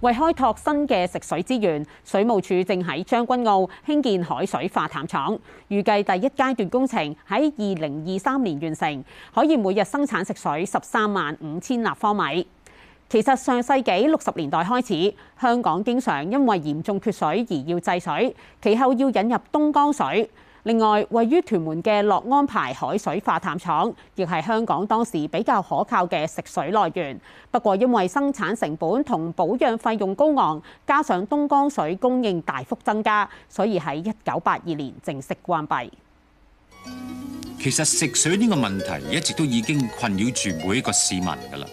為開拓新嘅食水資源，水務署正喺將軍澳興建海水化淡廠，預計第一階段工程喺二零二三年完成，可以每日生產食水十三萬五千立方米。其實上世紀六十年代開始，香港經常因為嚴重缺水而要制水，其後要引入東江水。另外，位於屯門嘅樂安排海水化淡廠，亦係香港當時比較可靠嘅食水來源。不過，因為生產成本同保養費用高昂，加上東江水供應大幅增加，所以喺一九八二年正式關閉。其實食水呢個問題一直都已經困擾住每一個市民㗎喇。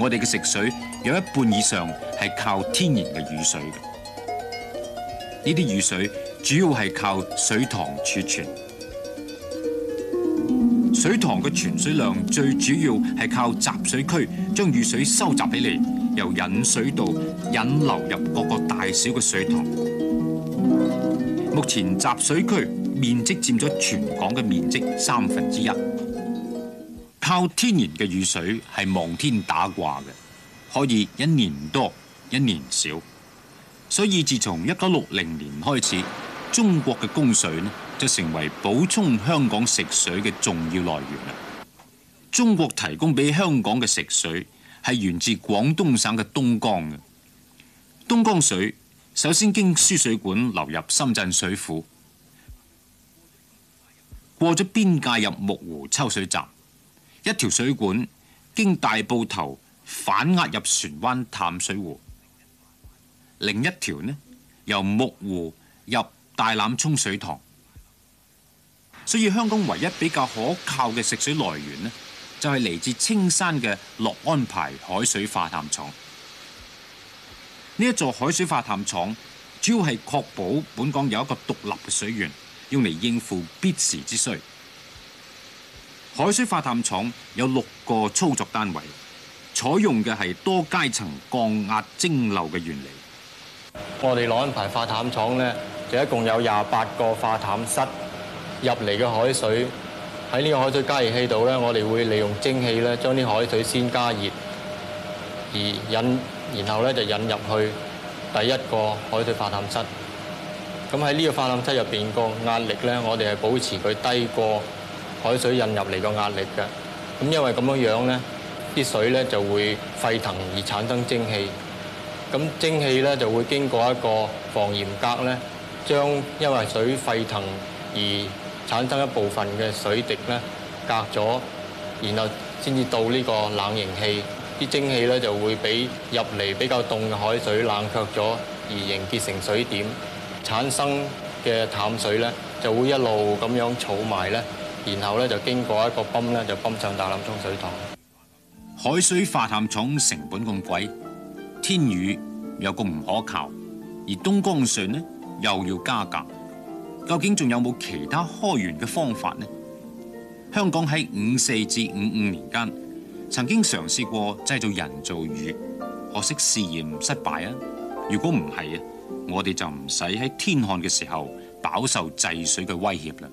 我哋嘅食水有一半以上係靠天然嘅雨水嘅，呢啲雨水。主要係靠水塘儲存，水塘嘅存水量最主要係靠集水區將雨水收集起嚟，由引水道引流入各個大小嘅水塘。目前集水區面積佔咗全港嘅面積三分之一，靠天然嘅雨水係望天打卦嘅，可以一年多，一年少，所以自從一九六零年開始。中國嘅供水呢，就成為補充香港食水嘅重要來源。中國提供俾香港嘅食水係源自廣東省嘅東江嘅。東江水首先經輸水管流入深圳水庫，過咗邊界入木湖抽水站，一條水管經大埔頭反壓入船灣淡水湖，另一條呢由木湖入。大欖涌水塘，所以香港唯一比較可靠嘅食水來源呢就係、是、嚟自青山嘅樂安排海水化淡廠。呢一座海水化淡廠主要係確保本港有一個獨立嘅水源，用嚟應付必時之需。海水化淡廠有六個操作單位，採用嘅係多階層降壓蒸餾嘅原理。我哋樂安排化淡廠呢。就一共有廿八個化淡室入嚟嘅海水喺呢個海水加熱器度咧，我哋會利用蒸汽咧，將啲海水先加熱而引，然後咧就引入去第一個海水化淡室。咁喺呢個化淡室入邊個壓力咧，我哋係保持佢低過海水引入嚟個壓力嘅。咁因為咁樣樣咧，啲水咧就會沸騰而產生蒸汽。咁蒸汽咧就會經過一個防鹽格咧。將因為水沸騰而產生一部分嘅水滴咧，隔咗，然後先至到呢個冷凝器，啲蒸氣咧就會俾入嚟比較凍嘅海水冷卻咗，而凝結成水點，產生嘅淡水咧就會一路咁樣儲埋咧，然後咧就經過一個泵咧，就泵上大欖涌水塘。海水化淡廠成本咁貴，天雨又個唔可靠，而東江水咧？又要加價，究竟仲有冇其他開源嘅方法呢？香港喺五四至五五年間曾經嘗試過製造人造雨，可惜試驗唔失敗啊！如果唔係啊，我哋就唔使喺天旱嘅時候飽受制水嘅威脅啦。